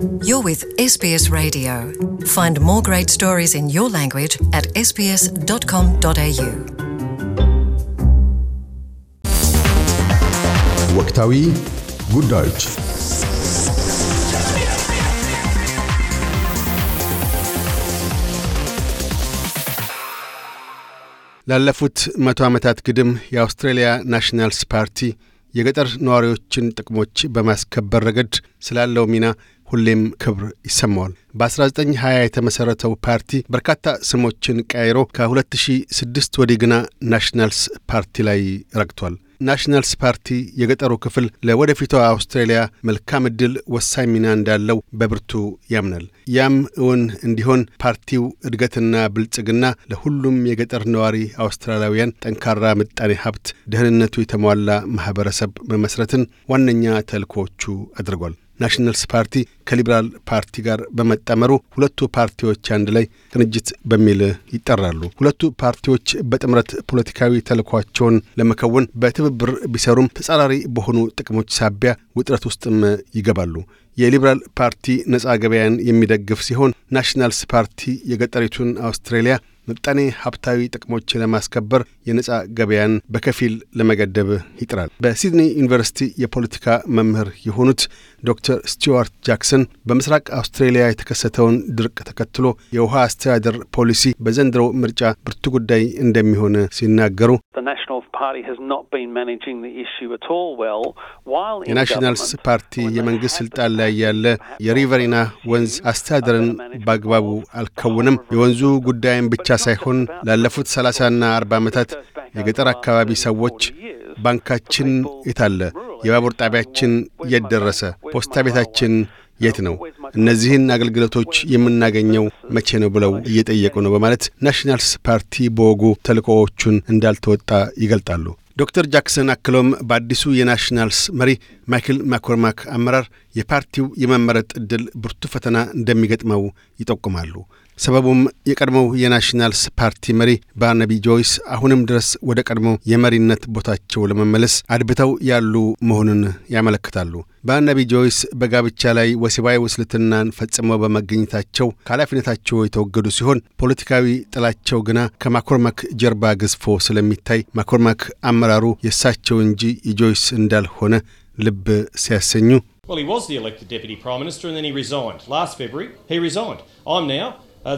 You're with SBS Radio. Find more great stories in your language at sbs.com.au. ወቅታዊ ጉዳዮች ላለፉት መቶ ዓመታት ግድም የአውስትሬልያ ናሽናልስ ፓርቲ የገጠር ነዋሪዎችን ጥቅሞች በማስከበር ረገድ ስላለው ሚና ሁሌም ክብር ይሰማዋል። በ1920 የተመሠረተው ፓርቲ በርካታ ስሞችን ቀይሮ ከ2006 ወዲህ ግና ናሽናልስ ፓርቲ ላይ ረግቷል። ናሽናልስ ፓርቲ የገጠሩ ክፍል ለወደፊቷ አውስትራሊያ መልካም ዕድል ወሳኝ ሚና እንዳለው በብርቱ ያምናል። ያም እውን እንዲሆን ፓርቲው እድገትና ብልጽግና ለሁሉም የገጠር ነዋሪ አውስትራሊያውያን ጠንካራ ምጣኔ ሀብት፣ ደህንነቱ የተሟላ ማኅበረሰብ መመስረትን ዋነኛ ተልእኮዎቹ አድርጓል። ናሽናልስ ፓርቲ ከሊበራል ፓርቲ ጋር በመጣመሩ ሁለቱ ፓርቲዎች አንድ ላይ ቅንጅት በሚል ይጠራሉ። ሁለቱ ፓርቲዎች በጥምረት ፖለቲካዊ ተልኳቸውን ለመከወን በትብብር ቢሰሩም ተጻራሪ በሆኑ ጥቅሞች ሳቢያ ውጥረት ውስጥም ይገባሉ። የሊበራል ፓርቲ ነጻ ገበያን የሚደግፍ ሲሆን ናሽናልስ ፓርቲ የገጠሪቱን አውስትሬሊያ ምጣኔ ሀብታዊ ጥቅሞች ለማስከበር የነጻ ገበያን በከፊል ለመገደብ ይጥራል። በሲድኒ ዩኒቨርሲቲ የፖለቲካ መምህር የሆኑት ዶክተር ስቲዋርት ጃክሰን በምስራቅ አውስትሬሊያ የተከሰተውን ድርቅ ተከትሎ የውሃ አስተዳደር ፖሊሲ በዘንድሮ ምርጫ ብርቱ ጉዳይ እንደሚሆን ሲናገሩ የናሽናልስ ፓርቲ የመንግሥት ስልጣን ላይ ያለ የሪቨሪና ወንዝ አስተዳደርን በአግባቡ አልከውንም፣ የወንዙ ጉዳይን ብቻ ሳይሆን ላለፉት 30ና 40 ዓመታት የገጠር አካባቢ ሰዎች ባንካችን የታለ? የባቡር ጣቢያችን የት ደረሰ? ፖስታ ቤታችን የት ነው? እነዚህን አገልግሎቶች የምናገኘው መቼ ነው ብለው እየጠየቁ ነው በማለት ናሽናልስ ፓርቲ በወጉ ተልእኮዎቹን እንዳልተወጣ ይገልጣሉ። ዶክተር ጃክሰን አክሎም በአዲሱ የናሽናልስ መሪ ማይክል ማኮርማክ አመራር የፓርቲው የመመረጥ ዕድል ብርቱ ፈተና እንደሚገጥመው ይጠቁማሉ። ሰበቡም የቀድሞው የናሽናልስ ፓርቲ መሪ ባርናቢ ጆይስ አሁንም ድረስ ወደ ቀድሞ የመሪነት ቦታቸው ለመመለስ አድብተው ያሉ መሆኑን ያመለክታሉ። ባርናቢ ጆይስ በጋብቻ ላይ ወሲባዊ ውስልትናን ፈጽመው በመገኘታቸው ከኃላፊነታቸው የተወገዱ ሲሆን ፖለቲካዊ ጥላቸው ግና ከማኮርማክ ጀርባ ገዝፎ ስለሚታይ ማኮርማክ አመራሩ የእሳቸው እንጂ የጆይስ እንዳልሆነ ልብ ሲያሰኙ Uh,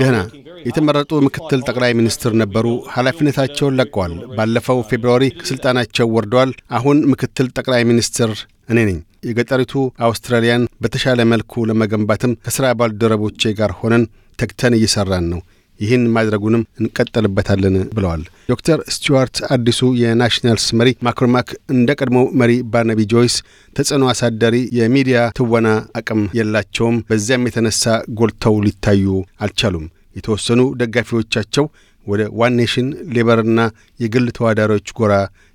ደህና የተመረጡ ምክትል ጠቅላይ ሚኒስትር ነበሩ። ኃላፊነታቸውን ለቀዋል። ባለፈው ፌብርዋሪ ከሥልጣናቸው ወርደዋል። አሁን ምክትል ጠቅላይ ሚኒስትር እኔ ነኝ። የገጠሪቱ አውስትራሊያን በተሻለ መልኩ ለመገንባትም ከሥራ ባልደረቦቼ ጋር ሆነን ተግተን እየሠራን ነው። ይህን ማድረጉንም እንቀጠልበታለን ብለዋል። ዶክተር ስቲዋርት አዲሱ የናሽናልስ መሪ ማክሮማክ እንደ ቀድሞው መሪ ባርናቢ ጆይስ ተጽዕኖ አሳደሪ የሚዲያ ትወና አቅም የላቸውም። በዚያም የተነሳ ጎልተው ሊታዩ አልቻሉም። የተወሰኑ ደጋፊዎቻቸው ወደ ዋን ኔሽን ሌበርና የግል ተዋዳሪዎች ጎራ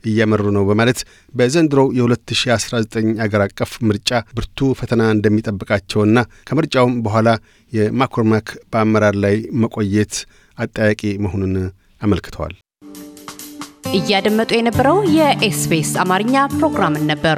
እያመሩ ነው በማለት በዘንድሮው የ2019 አገር አቀፍ ምርጫ ብርቱ ፈተና እንደሚጠብቃቸውና ከምርጫውም በኋላ የማኮርማክ በአመራር ላይ መቆየት አጠያቂ መሆኑን አመልክተዋል። እያደመጡ የነበረው የኤስፔስ አማርኛ ፕሮግራምን ነበር።